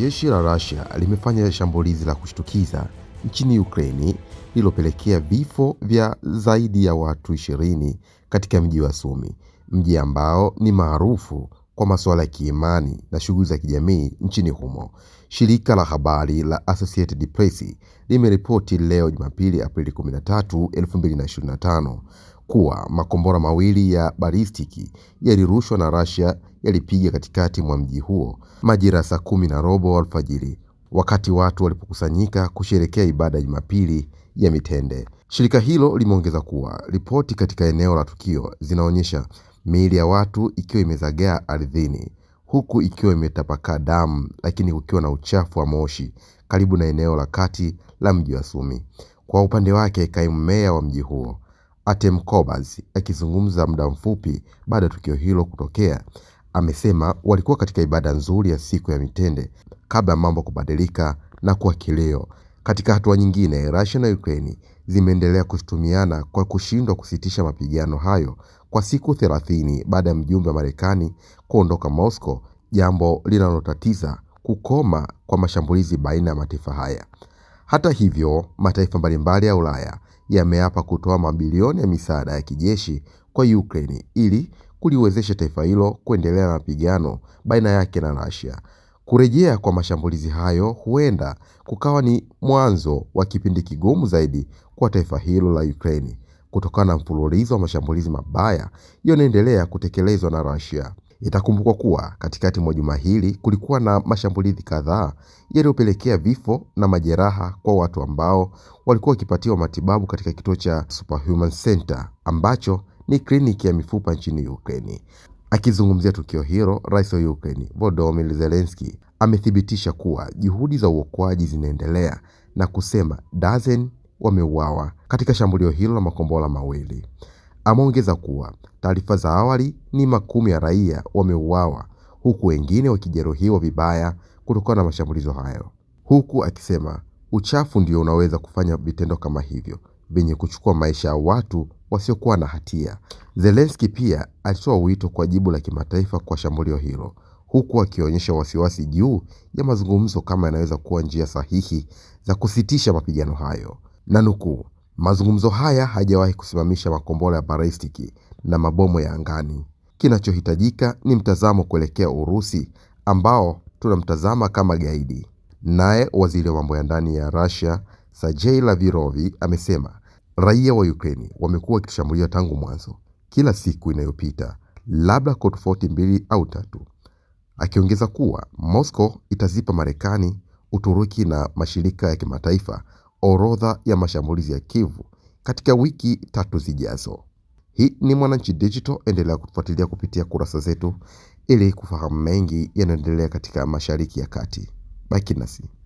Jeshi la Russia limefanya shambulizi la kushtukiza nchini ukraini lililopelekea vifo vya zaidi ya watu ishirini katika mji wa Sumi, mji ambao ni maarufu kwa masuala ya kiimani na shughuli za kijamii nchini humo. Shirika la habari la Associated Press limeripoti leo Jumapili, Aprili 13, 2025 kuwa makombora mawili ya balistiki yalirushwa na Russia yalipiga katikati mwa mji huo majira saa kumi na robo alfajiri wakati watu walipokusanyika kusherekea ibada ya Jumapili ya Mitende. Shirika hilo limeongeza kuwa ripoti katika eneo la tukio zinaonyesha miili ya watu ikiwa imezagaa ardhini huku ikiwa imetapakaa damu, lakini kukiwa na uchafu wa moshi karibu na eneo la kati la mji wa Sumi. Kwa upande wake, kaimu meya wa mji huo Atem Kobas akizungumza muda mfupi baada ya tukio hilo kutokea, amesema walikuwa katika ibada nzuri ya siku ya mitende kabla ya mambo kubadilika na kuwa kilio. Katika hatua nyingine, Russia na Ukraine zimeendelea kushutumiana kwa kushindwa kusitisha mapigano hayo kwa siku thelathini baada ya mjumbe wa Marekani kuondoka Moscow, jambo linalotatiza kukoma kwa mashambulizi baina ya mataifa haya. Hata hivyo, mataifa mbalimbali ya Ulaya yameapa kutoa mabilioni ya misaada ya kijeshi kwa Ukraine ili kuliwezesha taifa hilo kuendelea na mapigano baina yake na Russia. Kurejea kwa mashambulizi hayo huenda kukawa ni mwanzo wa kipindi kigumu zaidi kwa taifa hilo la Ukraine kutokana na mfululizo wa mashambulizi mabaya yanayoendelea kutekelezwa na Russia. Itakumbukwa kuwa katikati mwa juma hili kulikuwa na mashambulizi kadhaa yaliyopelekea vifo na majeraha kwa watu ambao walikuwa wakipatiwa matibabu katika kituo cha Superhuman Center ambacho ni kliniki ya mifupa nchini ukreni Akizungumzia tukio hilo, Rais wa ukreni Volodymyr Zelensky amethibitisha kuwa juhudi za uokoaji zinaendelea na kusema dazeni wameuawa katika shambulio hilo la makombora mawili. Ameongeza kuwa taarifa za awali ni makumi ya raia wameuawa huku wengine wakijeruhiwa vibaya kutokana na mashambulizo hayo, huku akisema uchafu ndio unaweza kufanya vitendo kama hivyo vyenye kuchukua maisha ya watu wasiokuwa na hatia. Zelensky pia alitoa wito kwa jibu la kimataifa kwa shambulio hilo huku akionyesha wasiwasi juu ya mazungumzo kama yanaweza kuwa njia sahihi za kusitisha mapigano hayo. Na nukuu, mazungumzo haya hajawahi kusimamisha makombora ya balistiki na mabomu ya angani. Kinachohitajika ni mtazamo kuelekea Urusi ambao tunamtazama kama gaidi. Naye waziri wa mambo ya ndani ya Russia Sergei Lavrov amesema Raia wa ukreni wamekuwa wakitushambulia tangu mwanzo, kila siku inayopita, labda kwa tofauti mbili au tatu, akiongeza kuwa Moscow itazipa Marekani, Uturuki na mashirika ya kimataifa orodha ya mashambulizi ya Kivu katika wiki tatu zijazo. Hii ni Mwananchi Digital, endelea kutufuatilia kupitia kurasa zetu ili kufahamu mengi yanayoendelea katika Mashariki ya Kati. Baki nasi.